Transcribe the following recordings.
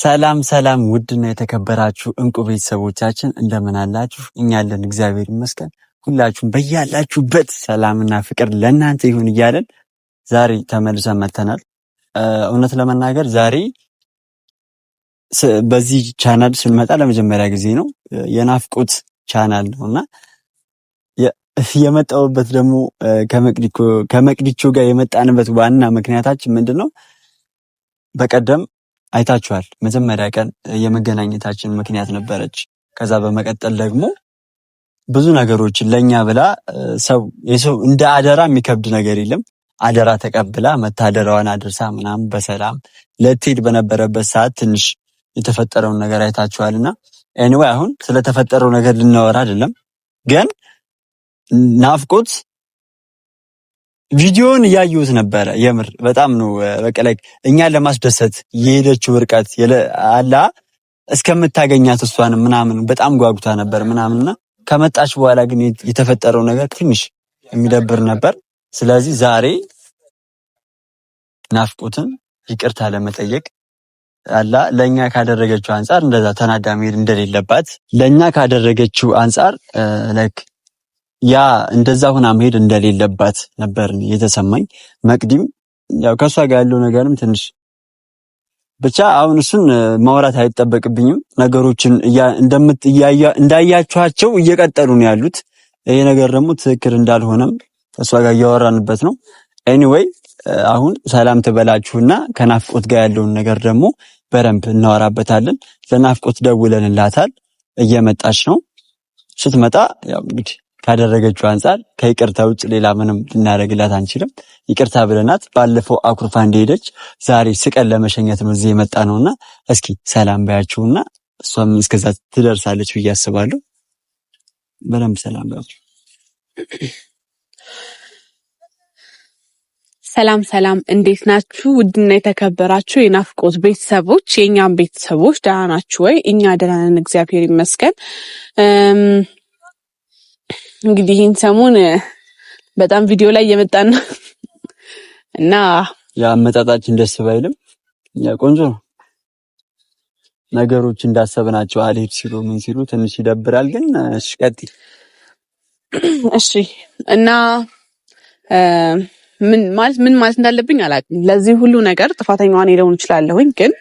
ሰላም ሰላም ውድና የተከበራችሁ እንቁ ቤተሰቦቻችን እንደምን አላችሁ? እኛ አለን እግዚአብሔር ይመስገን። ሁላችሁም በያላችሁበት ሰላምና ፍቅር ለእናንተ ይሁን እያለን ዛሬ ተመልሰን መጥተናል። እውነት ለመናገር ዛሬ በዚህ ቻናል ስንመጣ ለመጀመሪያ ጊዜ ነው። የናፍቆት ቻናል ነው እና የመጣውበት ደግሞ ከመቅዲቾ ጋር የመጣንበት ዋና ምክንያታችን ምንድን ነው? በቀደም አይታችኋል። መጀመሪያ ቀን የመገናኘታችን ምክንያት ነበረች። ከዛ በመቀጠል ደግሞ ብዙ ነገሮችን ለእኛ ብላ ሰው የሰው እንደ አደራ የሚከብድ ነገር የለም። አደራ ተቀብላ መታደራዋን አድርሳ ምናምን በሰላም ለትሄድ በነበረበት ሰዓት ትንሽ የተፈጠረውን ነገር እና ኤኒዌይ አሁን ስለተፈጠረው ነገር ልናወራ አይደለም፣ ግን ናፍቆት ቪዲዮን እያየሁት ነበረ። የምር በጣም ነው በቃ ላይክ እኛን ለማስደሰት የሄደችው ርቀት አላ እስከምታገኛት እሷን ምናምን በጣም ጓጉታ ነበር ምናምንና ከመጣች በኋላ ግን የተፈጠረው ነገር ትንሽ የሚደብር ነበር። ስለዚህ ዛሬ ናፍቁትን ይቅርታ ለመጠየቅ አላ ለእኛ ካደረገችው አንጻር እንደዛ ተናዳ መሄድ እንደሌለባት ለእኛ ካደረገችው አንጻር ላይክ ያ እንደዛ ሆና መሄድ እንደሌለባት ነበር የተሰማኝ። መቅዲም ያው ከእሷ ጋር ያለው ነገርም ትንሽ ብቻ አሁን እሱን ማውራት አይጠበቅብኝም። ነገሮችን እንዳያችኋቸው እየቀጠሉ ነው ያሉት። ይሄ ነገር ደግሞ ትክክል እንዳልሆነም ከእሷ ጋር እያወራንበት ነው። ኤኒዌይ አሁን ሰላም ትበላችሁና ከናፍቆት ጋር ያለውን ነገር ደግሞ በደንብ እናወራበታለን። ለናፍቆት ደውለንላታል፣ እየመጣች ነው። ስትመጣ ያው እንግዲህ ካደረገችው አንጻር ከይቅርታ ውጭ ሌላ ምንም ልናደርግላት አንችልም። ይቅርታ ብለናት ባለፈው አኩርፋ እንደሄደች ዛሬ ስቀን ለመሸኘት ነው እዚህ የመጣ ነውና እስኪ ሰላም ባያችሁና እሷም እስከዛ ትደርሳለች ብዬ አስባለሁ። በደንብ ሰላም ሰላም ሰላም፣ እንዴት ናችሁ? ውድና የተከበራችሁ የናፍቆት ቤተሰቦች፣ የእኛም ቤተሰቦች ደህና ናችሁ ወይ? እኛ ደህና ነን፣ እግዚአብሔር ይመስገን። እንግዲህ ይህን ሰሞን በጣም ቪዲዮ ላይ እየመጣን ነው እና የአመጣጣችን ደስ ባይልም ቆንጆ ነው። ነገሮች እንዳሰብናቸው አልሄድ ሲሉ ምን ሲሉ ትንሽ ይደብራል፣ ግን እሺ ቀጥይ። እሺ እና ምን ማለት ምን ማለት እንዳለብኝ አላውቅም። ለዚህ ሁሉ ነገር ጥፋተኛዋን ሄደውን እችላለሁኝ። ግን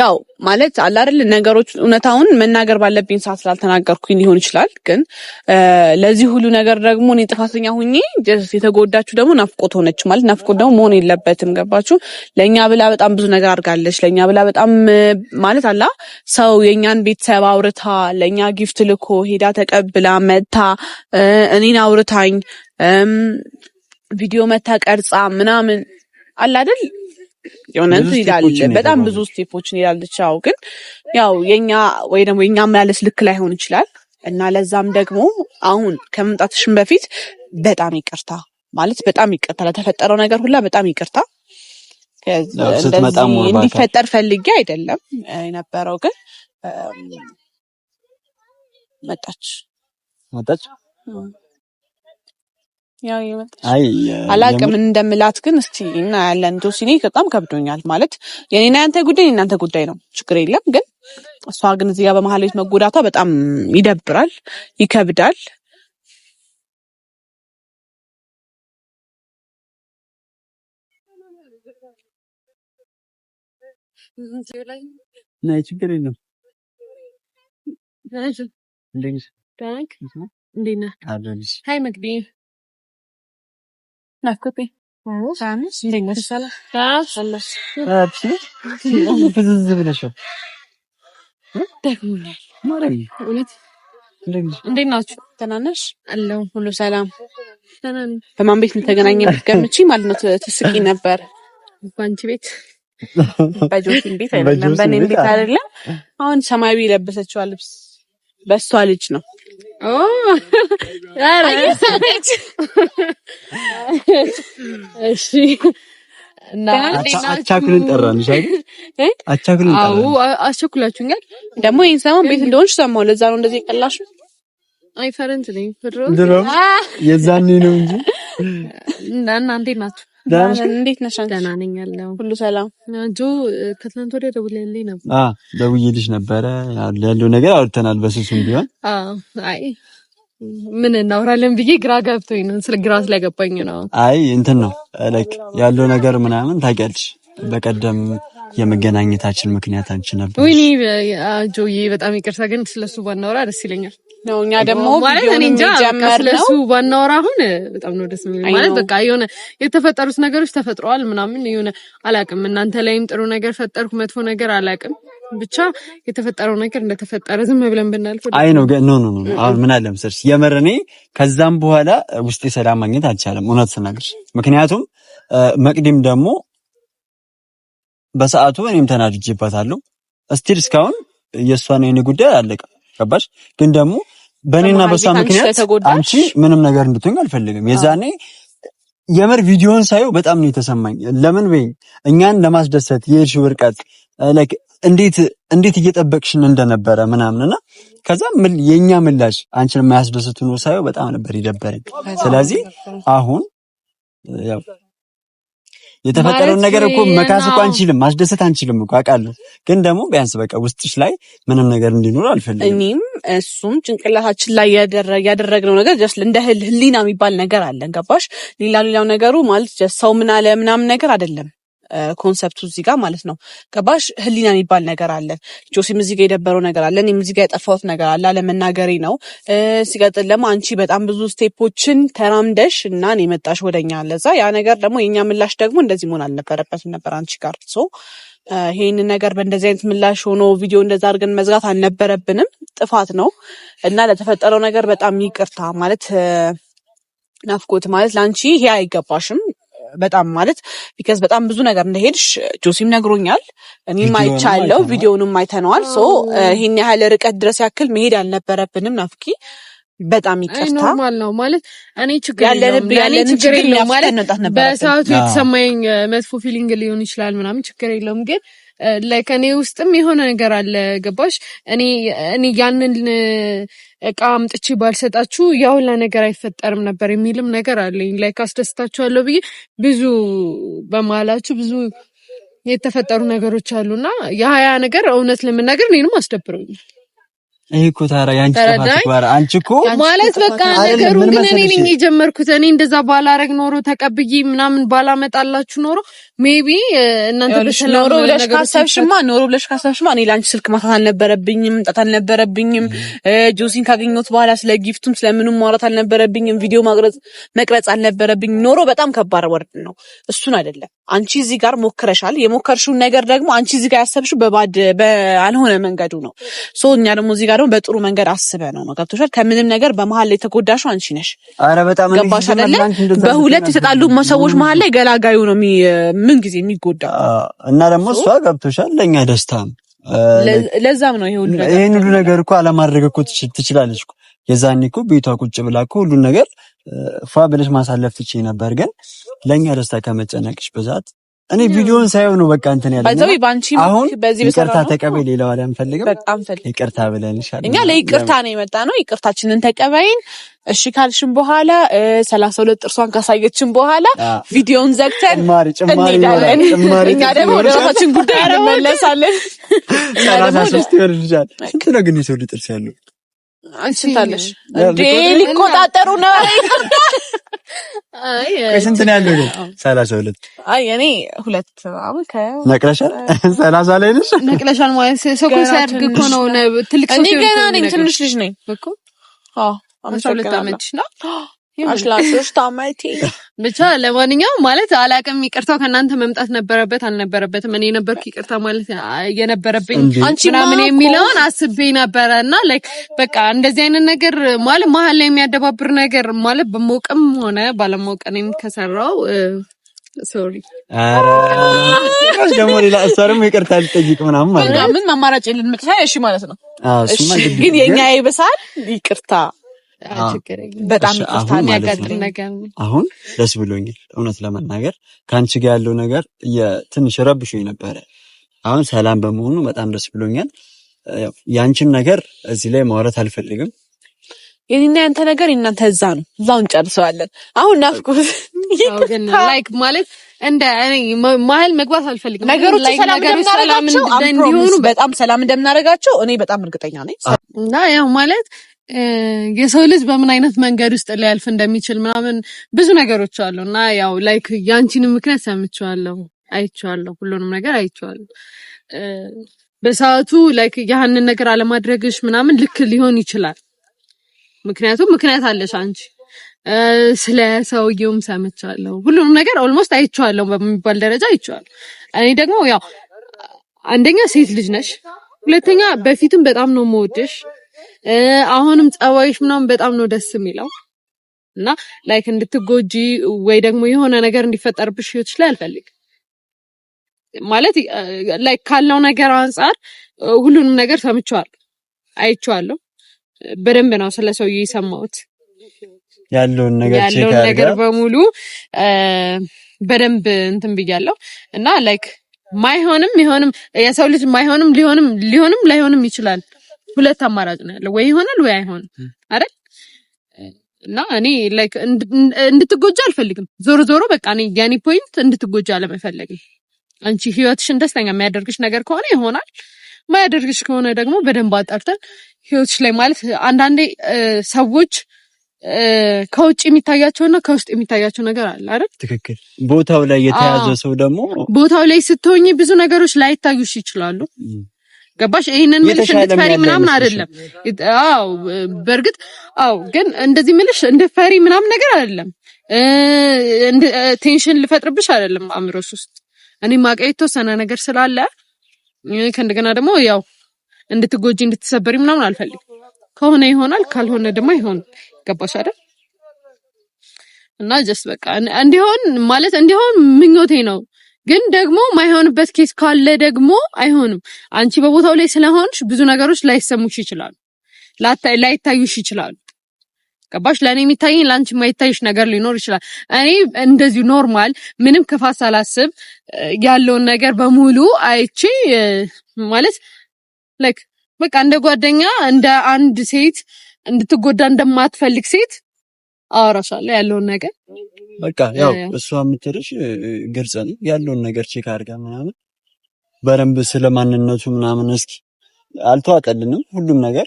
ያው ማለት አለ አይደል ነገሮች እውነታውን መናገር ባለብኝ ሰዓት ስላልተናገርኩኝ ሊሆን ይችላል። ግን ለዚህ ሁሉ ነገር ደግሞ እኔ ጥፋተኛ ሁኜ የተጎዳችሁ ደግሞ ናፍቆት ሆነች ማለት ናፍቆት ደግሞ መሆን የለበትም ገባችሁ? ለእኛ ብላ በጣም ብዙ ነገር አድርጋለች። ለእኛ ብላ በጣም ማለት አላ ሰው የእኛን ቤተሰብ አውርታ ለእኛ ጊፍት ልኮ ሄዳ ተቀብላ መታ እኔን አውርታኝ ቪዲዮ መታ ቀርጻ ምናምን አለ አይደል የሆነ እንትን ይላል። በጣም ብዙ ስቴፖችን ይላለች። ያው ግን ያው የኛ ወይ ደግሞ የኛ አመላለስ ልክ ላይሆን ይችላል እና ለዛም ደግሞ አሁን ከመምጣትሽም በፊት በጣም ይቅርታ ማለት በጣም ይቅርታ ለተፈጠረው ነገር ሁላ በጣም ይቅርታ። እንዲፈጠር ፈልጌ አይደለም የነበረው ግን መጣች መጣች አላቅም እንደምላት ግን እስቲ እናያለን። ቶሲ እኔ በጣም ከብዶኛል ማለት የኔና ያንተ ጉዳይ የእናንተ ጉዳይ ነው፣ ችግር የለም ግን እሷ ግን እዚህ ጋር በመሀል ቤት መጎዳቷ በጣም ይደብራል፣ ይከብዳል። ናይ ችግር የለም ሀይ መግቢ እንዴት ናችሁ? አለው ሁሉ ሰላም። በማን ቤት ልተገናኘ ብትገምቺ ማለት ነው ትስቂ ነበር። ባንቺ ቤት በጆቲን ቤት አይደለም፣ በእኔም ቤት አይደለም። አሁን ሰማያዊ የለበሰችዋ ልብስ በሷ ልጅ ነው። አቻኩልን ጠራን። አቻኩልን አስቸኩላችሁኛል። ደግሞ ይህን ሰሞን ቤት እንደሆንሽ ሰማሁ። ለዛ ነው እንደዚህ የቀላሽ። አይ ፈረንት ነኝ። የዛኔ ነው እንጂ እና እናንተ ናችሁ እንዴት ሁሉ ሰላም ጆ። ከትናንት ደውዬልሽ ነበረ። ያለው ነገር አውርተናል በስልሱም ቢሆን አይ ምን እናውራለን ብዬ ግራ ገብቶኝ ነው። ስለ ግራ ስለገባኝ ነው። አይ እንትን ነው ለክ ያለው ነገር ምናምን ታውቂያለሽ። በቀደም የመገናኘታችን ምክንያት አንቺ ነበር። ወይኔ ጆዬ፣ በጣም ይቅርታ ግን ስለሱ ባናወራ ደስ ይለኛል። ነው። እኛ ደግሞ ማለት እኔ እንጃ ስለሱ ባናወራ አሁን በጣም ነው ደስ የሚል። ማለት በቃ የሆነ የተፈጠሩት ነገሮች ተፈጥረዋል ምናምን የሆነ አላቅም። እናንተ ላይም ጥሩ ነገር ፈጠርኩ መጥፎ ነገር አላቅም። ብቻ የተፈጠረው ነገር እንደተፈጠረ ዝም ብለን ብናልፈው አይ ነው ኖ ኖ ኖ። አሁን ምን አለ መሰለሽ የምር እኔ ከዛም በኋላ ውስጤ ሰላም ማግኘት አልቻለም፣ እውነት ስናገር ምክንያቱም መቅዲም ደግሞ በሰዓቱ እኔም ተናድጄባታለሁ። እስቲል እስካሁን የእሷን የኔ ጉዳይ አላለቀም። ገባሽ? ግን ደግሞ በእኔና በሷ ምክንያት አንቺ ምንም ነገር እንድትሆኝ አልፈልግም። የዛኔ የምር ቪዲዮን ሳየው በጣም ነው የተሰማኝ። ለምን በይ እኛን ለማስደሰት የሄድሽው ርቀት ላይክ እንዴት እንዴት እየጠበቅሽን እንደነበረ ምናምንና ከዛ የኛ ምላሽ አንቺን የማያስደስት ነው ሳየው በጣም ነበር ይደበረኝ። ስለዚህ አሁን ያው የተፈጠረውን ነገር እኮ መካስ እኮ አንችልም፣ ማስደሰት አንችልም እኮ አውቃለሁ። ግን ደግሞ ቢያንስ በቃ ውስጥሽ ላይ ምንም ነገር እንዲኖር አልፈልግም። እኔም እሱም ጭንቅላታችን ላይ ያደረግነው ነገር ጀስት እንደ ህሊና የሚባል ነገር አለን። ገባሽ? ሌላ ሌላው ነገሩ ማለት ሰው ምን አለ ምናምን ነገር አይደለም ኮንሰፕቱ እዚህ ጋር ማለት ነው። ገባሽ? ህሊና የሚባል ነገር አለ። ጆሲም እዚህ ጋር የደበረው ነገር አለ። እኔም እዚህ ጋር ያጠፋሁት ነገር አለ። አለመናገሬ ነው። ሲቀጥል ደግሞ አንቺ በጣም ብዙ ስቴፖችን ተራምደሽ እና እኔ መጣሽ ወደኛ አለዛ። ያ ነገር ደግሞ የእኛ ምላሽ ደግሞ እንደዚህ መሆን አልነበረበትም ነበር አንቺ ጋር ሶ ይህን ነገር በእንደዚህ አይነት ምላሽ ሆኖ ቪዲዮ እንደዛ አድርገን መዝጋት አልነበረብንም። ጥፋት ነው እና ለተፈጠረው ነገር በጣም ይቅርታ ማለት ናፍቆት ማለት ለአንቺ ይሄ አይገባሽም። በጣም ማለት ቢከዝ በጣም ብዙ ነገር እንደሄድሽ ጆሲም ነግሮኛል፣ እኔም አይቻለሁ፣ ቪዲዮንም አይተነዋል። ሶ ይህን ያህል ርቀት ድረስ ያክል መሄድ አልነበረብንም ናፍኪ በጣም ይቅርታ። ኖርማል ነው ማለት እኔ ችግር ያለንብ ችግር የለውም ማለት በሰዓቱ የተሰማኝ መጥፎ ፊሊንግ ሊሆን ይችላል ምናምን ችግር የለውም ግን ላይክ እኔ ውስጥም የሆነ ነገር አለ ገባሽ? እኔ እኔ ያንን እቃ አምጥቼ ባልሰጣችሁ ያ ሁላ ነገር አይፈጠርም ነበር የሚልም ነገር አለኝ። ላይክ አስደስታችኋለሁ ብዬ ብዙ በመሀላችሁ ብዙ የተፈጠሩ ነገሮች አሉና የሀያ ነገር እውነት ለመናገር እኔንም አስደብረውኛል። ይሄ እኮ ታዲያ ያንቺ ተባትኩባራ አንቺ እኮ ማለት በቃ ነገሩ ግን እኔ ነኝ የጀመርኩት። እኔ እንደዛ ባላረግ ኖሮ ተቀብዬ ምናምን ባላመጣላችሁ ኖሮ ሜቢ uh, እናንተ ኖሮ ብለሽ ካሰብሽማ ኖሮ ብለሽ ካሰብሽማ እኔ ለአንቺ ስልክ ማታት አልነበረብኝም፣ መምጣት አልነበረብኝም። ጆሲን ካገኘሁት በኋላ ስለ ጊፍቱም ስለምንም ማውራት አልነበረብኝም። ቪዲዮ ማቅረጽ መቅረጽ አልነበረብኝም። ኖሮ በጣም ከባድ ወርድ ነው። እሱን አይደለም አንቺ እዚህ ጋር ሞክረሻል። የሞከርሽውን ነገር ደግሞ አንቺ እዚህ ጋር ያሰብሽው በባድ በአልሆነ መንገዱ ነው። ሶ እኛ ደግሞ እዚህ ጋር ደግሞ በጥሩ መንገድ አስበ ነው ነው ገብቶሻል። ከምንም ነገር በመሀል ላይ የተጎዳሽው አንቺ ነሽ። ገባሽ አይደለ? በሁለት የተጣሉ ሰዎች መሀል ላይ ገላጋዩ ነው ምን ጊዜ የሚጎዳ እና ደግሞ እሷ ገብቶሻል። ለእኛ ደስታ ለዛም ነው ይሄን ሁሉ ነገር እኮ አለማድረግ እኮ ትችላለች። የዛኔ እኮ ቤቷ ቁጭ ብላ እኮ ሁሉን ነገር ፏ ብለሽ ማሳለፍ ትችይ ነበር። ግን ለእኛ ደስታ ከመጨነቅሽ ብዛት እኔ ቪዲዮን ሳይሆን ነው በቃ እንትን ያለ አይተው ባንቺ አሁን በዚህ ይቅርታ ተቀበይ። ሌላው አንፈልግም፣ ይቅርታ ብለን ብለንሻል። እኛ ለይቅርታ ነው የመጣ ነው። ይቅርታችንን ተቀበይን። እሺ ካልሽን በኋላ ሰላሳ ሁለት ጥርሷን ካሳየችን በኋላ ቪዲዮን ዘግተን እንሄዳለን። እኛ ደግሞ ወደ ራሳችን ጉዳይ እንመለሳለን። ሰላሳ ሶስት ይሆንልሻል። ስንት ነው ግን የሰው ልጅ ያለው? አንቺ እንዴ ሊቆጣጠሩ ነው። ከስንት ነው ያለው? ሰላሳ ሁለት አይ እኔ ሁለት ነቅለሻል። ሰላሳ ላይ ነሽ ነቅለሻል ማለት ሰው እኮ ሲያድግ እኮ ነው ትልቅ ሰው። እኔ ገና ነኝ፣ ትንሽ ልጅ ነኝ እኮ አዎ። አመት ሁለት አመት ነው ይመስላችሁ ታማይቲ ብቻ ለማንኛውም ማለት አላቅም። ይቅርታው ከእናንተ መምጣት ነበረበት አልነበረበትም። እኔ የነበርኩ ይቅርታ ማለት የነበረብኝ ምናምን የሚለውን አስቤ ነበረ እና ላይክ በቃ እንደዚህ አይነት ነገር ማለት መሀል ላይ የሚያደባብር ነገር ማለት በሞቅም ሆነ ባለማወቅ እኔም ከሰራው ሶሪ ደግሞ ሌላ እሷንም ይቅርታ ልጠይቅ ምናምን ማለት ነው። ምን አማራጭ የለን መቅሻ እሺ ማለት ነው። እሺ ግን የእኛ ይበሳል ይቅርታ በጣም የሚያጋጥም ነገር አሁን ደስ ብሎኛል። እውነት ለመናገር ከአንቺ ጋር ያለው ነገር ትንሽ ረብሾኝ ነበረ። አሁን ሰላም በመሆኑ በጣም ደስ ብሎኛል። የአንቺን ነገር እዚህ ላይ ማውራት አልፈልግም። የኔና ያንተ ነገር እናንተ እዛ ነው፣ እዛው እንጨርሰዋለን። አሁን ናፍቆት ላይክ ማለት እንደ መሀል መግባት አልፈልግም። ነገሮች ሰላም እንደምናደርጋቸው በጣም ሰላም እንደምናደርጋቸው እኔ በጣም እርግጠኛ ነኝ እና ያው ማለት የሰው ልጅ በምን አይነት መንገድ ውስጥ ሊያልፍ እንደሚችል ምናምን ብዙ ነገሮች አሉ እና ያው ላይክ ያንቺንም ምክንያት ሰምቼዋለሁ፣ አይቼዋለሁ፣ ሁሉንም ነገር አይቼዋለሁ። በሰዓቱ ላይክ ያህንን ነገር አለማድረግሽ ምናምን ልክ ሊሆን ይችላል። ምክንያቱም ምክንያት አለሽ አንቺ። ስለ ሰውየውም ሰምቻለሁ፣ ሁሉንም ነገር ኦልሞስት አይቼዋለሁ በሚባል ደረጃ አይቼዋለሁ። እኔ ደግሞ ያው አንደኛ ሴት ልጅ ነሽ፣ ሁለተኛ በፊትም በጣም ነው የምወድሽ አሁንም ጸባይሽ ምናምን በጣም ነው ደስ የሚለው እና ላይክ እንድትጎጂ ወይ ደግሞ የሆነ ነገር እንዲፈጠርብሽ ህይወትሽ ላይ አልፈልግም። ማለት ላይክ ካለው ነገር አንጻር ሁሉንም ነገር ሰምቼዋለሁ፣ አይቼዋለሁ። በደንብ ነው ስለ ሰውዬ የሰማሁት ያለውን ነገር ያለውን ነገር በሙሉ በደንብ እንትን ብያለሁ እና ላይክ ማይሆንም ይሆንም የሰው ልጅ ማይሆንም ሊሆንም ሊሆንም ላይሆንም ይችላል ሁለት አማራጭ ነው ያለው፣ ወይ ይሆናል ወይ አይሆንም አይደል? እና እኔ ላይክ እንድትጎጃ አልፈልግም። ዞሮ ዞሮ በቃ እኔ ያኔ ፖይንት እንድትጎጃ አለመፈለግ አንቺ ህይወትሽን ደስተኛ የሚያደርግሽ ነገር ከሆነ ይሆናል፣ ማያደርግሽ ከሆነ ደግሞ በደንብ አጣርተን ህይወትሽ ላይ ማለት አንዳንዴ ሰዎች ከውጭ የሚታያቸውና ከውስጥ የሚታያቸው ነገር አለ አይደል? ትክክል። ቦታው ላይ የተያዘ ሰው ደግሞ ቦታው ላይ ስትሆኝ ብዙ ነገሮች ላይታዩሽ ይችላሉ። ገባሽ? ይሄንን ምልሽ እንድትፈሪ ምናምን አይደለም። አዎ በእርግጥ አዎ፣ ግን እንደዚህ ምልሽ እንድትፈሪ ምናምን ነገር አይደለም። ቴንሽን ልፈጥርብሽ አይደለም አእምሮሽ ውስጥ። እኔ ማውቀው የተወሰነ ነገር ስላለ ከእንደገና ደግሞ ያው እንድትጎጂ እንድትሰበሪ ምናምን አልፈልግም። ከሆነ ይሆናል፣ ካልሆነ ደግሞ ይሆን። ገባሽ አይደል? እና ጀስት በቃ እንዲሆን ማለት እንዲሆን ምኞቴ ነው። ግን ደግሞ ማይሆንበት ኬስ ካለ ደግሞ አይሆንም። አንቺ በቦታው ላይ ስለሆንሽ ብዙ ነገሮች ላይሰሙሽ ይችላሉ፣ ላይታዩሽ ይችላሉ። ገባሽ? ለእኔ የሚታየኝ ለአንቺ የማይታይሽ ነገር ሊኖር ይችላል። እኔ እንደዚሁ ኖርማል፣ ምንም ክፋት ሳላስብ ያለውን ነገር በሙሉ አይቼ ማለት ላይክ በቃ እንደ ጓደኛ እንደ አንድ ሴት እንድትጎዳ እንደማትፈልግ ሴት አወራሻለሁ ያለውን ነገር በቃ ያው እሷ የምትልሽ ግልጽ ነው። ያለውን ነገር ቼክ አድርጋ ምናምን በደንብ ማንነቱ ምናምን እስኪ አልተዋጠልንም ሁሉም ነገር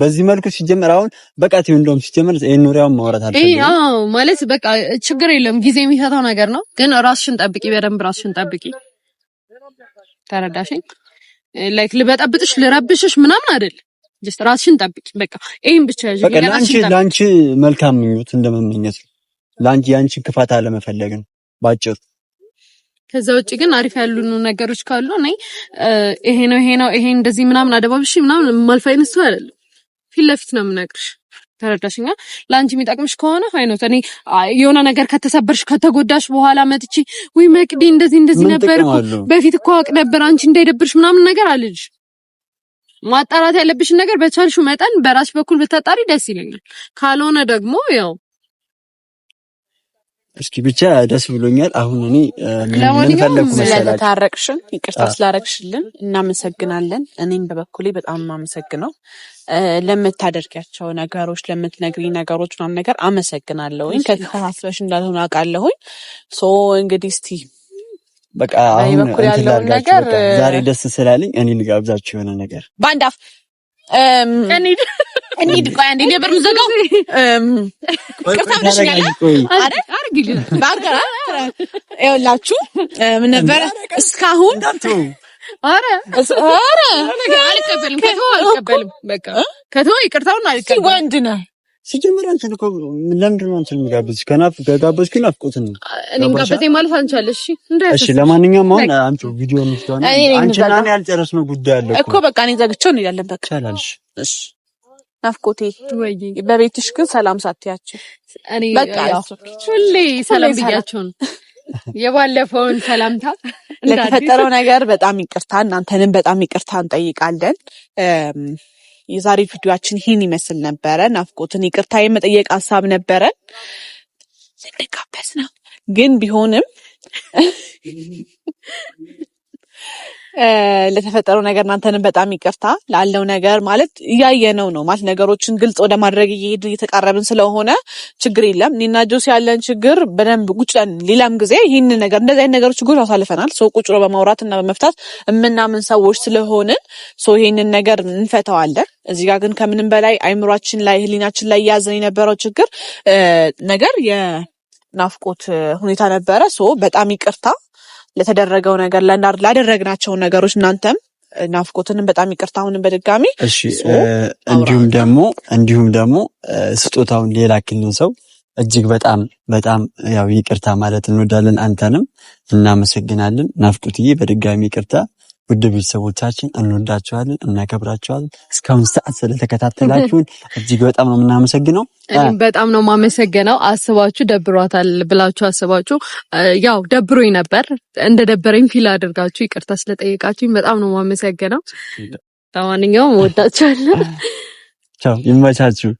በዚህ መልኩ ሲጀመር አሁን በቃ ቲው እንደውም ሲጀመር ይሄን ኑሪያውን ማውራት አለ። አዎ ማለት በቃ ችግር የለም ጊዜ የሚፈታው ነገር ነው። ግን ራስሽን ጠብቂ፣ በደንብ ራስሽን ጠብቂ። ተረዳሽኝ? ላይክ ልበጠብጥሽ ልረብሽሽ ምናምን አይደል ጀስት ራስሽን ጠብቂ። በቃ ይሄን ብቻ ያዥ። በቃ ላንቺ ላንቺ መልካም ምኞት እንደመመኘት ላንቺ ያንቺ ክፋት አለመፈለግን ባጭር። ከዛ ውጪ ግን አሪፍ ያሉን ነገሮች ካሉ ነኝ። ይሄ ነው ይሄ ነው ይሄ እንደዚህ ምናምን አደባብሽ ምናምን ማልፍ አይነት ሰው አይደለም። ፊት ለፊት ነው የምነግርሽ። ተረዳሽኛ? ለአንቺ የሚጠቅምሽ ከሆነ ሃይኖት እኔ የሆነ ነገር ከተሰበርሽ ከተጎዳሽ በኋላ መጥቼ ወይ መቅዲ እንደዚህ እንደዚህ ነበር በፊት እኮ አውቅ ነበር አንቺ እንዳይደብርሽ ምናምን ነገር አልልሽ ማጣራት ያለብሽን ነገር በቻልሽው መጠን በራስሽ በኩል ብታጣሪ ደስ ይለኛል። ካልሆነ ደግሞ ያው እስኪ ብቻ ደስ ብሎኛል። አሁን እኔ ፈለኩ ለማንኛውም ስለተታረቅሽን ይቅርታ ስላረግሽልን እናመሰግናለን። እኔም በበኩሌ በጣም የማመሰግነው ለምታደርጊያቸው ነገሮች፣ ለምትነግሪ ነገሮች ምናምን ነገር አመሰግናለሁኝ። ከተሳስበሽ እንዳልሆነ አውቃለሁኝ። ሶ እንግዲህ እስቲ በቃ አሁን እንትን ነገር ዛሬ ደስ ስላለኝ እኔ ንጋብዛችሁ የሆነ ነገር በአንድ እንሂድ። ቆይ አንዴ ነበር የምዘጋው። ይኸውላችሁ ምን ነበረ እስካሁን አረ አረ አልቀበልም፣ ከተወው አልቀበልም፣ በቃ ከተወው ይቅርታውን አልቀበልም። ወንድ ነህ ሲጀመር አንተን እኮ ለምንድን ነው አንተን የሚጋብዝሽ? ከናፍ ከጋበዝሽ ናፍቆትን ነው። እኔም ጋበዘኝ ማለት አንቻለሽ። እሺ፣ ለማንኛውም አሁን አንቺ ቪዲዮ ያልጨረስነው ጉዳይ አለ እኮ በቃ እኔ ዘግቼው ያለን። በቃ ቻላልሽ። እሺ። ናፍቆቴ በቤትሽ ግን ሰላም ሳትያቸው እኔ በቃ ሁሌ ሰላም ብያቸውን የባለፈውን ሰላምታ ለተፈጠረው ነገር በጣም ይቅርታ እናንተንም በጣም ይቅርታ እንጠይቃለን። የዛሬ ቪዲዮችን ይህን ይመስል ነበረ። ናፍቆትን ይቅርታ የመጠየቅ ሀሳብ ነበረን። ስንጋበዝ ነው ግን ቢሆንም ለተፈጠረው ነገር እናንተንም በጣም ይቅርታ ላለው ነገር ማለት እያየነው ነው ማለት ነገሮችን ግልጽ ወደ ማድረግ እየሄድ እየተቃረብን ስለሆነ ችግር የለም። እኔና ጆስ ያለን ችግር በደንብ ቁጭ ብለን ሌላም ጊዜ ይህን ነገር እንደዚህ አይነት ነገሮች ችግሮች አሳልፈናል። ሰው ቁጭሮ በማውራት እና በመፍታት የምናምን ሰዎች ስለሆንን ይህንን ነገር እንፈተዋለን። እዚህ ጋር ግን ከምንም በላይ አይምሯችን ላይ ህሊናችን ላይ እያዘን የነበረው ችግር ነገር የናፍቆት ሁኔታ ነበረ። ሶ በጣም ይቅርታ ለተደረገው ነገር ላደረግናቸውን ነገሮች እናንተም ናፍቆትንም በጣም ይቅርታ አሁንም በድጋሚ እሺ። እንዲሁም ደግሞ እንዲሁም ደግሞ ስጦታውን ሌላክልን ሰው እጅግ በጣም በጣም ያው ይቅርታ ማለት እንወዳለን። አንተንም እናመሰግናለን ናፍቆትዬ፣ በድጋሚ ይቅርታ ውድ ቤተሰቦቻችን እንወዳችኋለን፣ እናከብራችኋለን። እስካሁን ሰዓት ስለተከታተላችሁን እጅግ በጣም ነው የምናመሰግነው። እኔም በጣም ነው የማመሰግነው። አስባችሁ ደብሯታል ብላችሁ አስባችሁ ያው ደብሮኝ ነበር እንደ ደበረኝ ፊል አድርጋችሁ ይቅርታ ስለጠየቃችሁኝ በጣም ነው የማመሰግነው። ለማንኛውም ወዳቸዋለን። ቻው፣ ይመቻችሁ።